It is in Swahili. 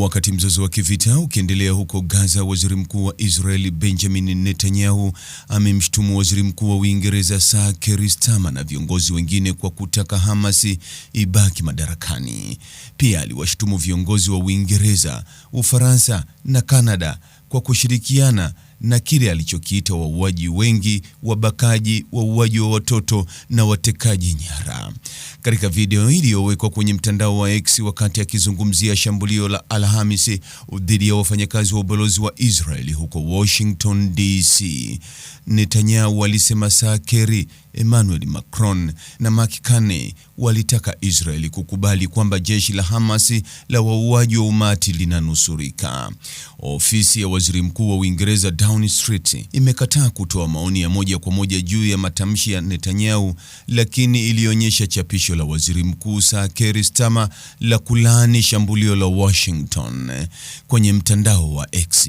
Wakati mzozo wa kivita ukiendelea huko Gaza, waziri mkuu wa Israeli Benjamin Netanyahu amemshutumu waziri mkuu wa Uingereza Sir Keir Starmer na viongozi wengine kwa kutaka Hamas ibaki madarakani. Pia aliwashutumu viongozi wa Uingereza, Ufaransa na Kanada kwa kushirikiana na kile alichokiita wauaji wengi, wabakaji, wauaji wa watoto na watekaji nyara. Katika video iliyowekwa kwenye mtandao wa X wakati akizungumzia shambulio la Alhamisi dhidi ya wafanyakazi wa ubalozi wa Israeli huko Washington DC, Netanyahu alisema saa keri Emmanuel Macron na Mark Carney walitaka Israeli kukubali kwamba jeshi la Hamas la wauaji wa umati linanusurika. Ofisi ya Waziri Mkuu wa Uingereza Downing Street imekataa kutoa maoni ya moja kwa moja juu ya matamshi ya Netanyahu, lakini ilionyesha chapisho la Waziri Mkuu Sir Keir Starmer la kulaani shambulio la Washington kwenye mtandao wa X.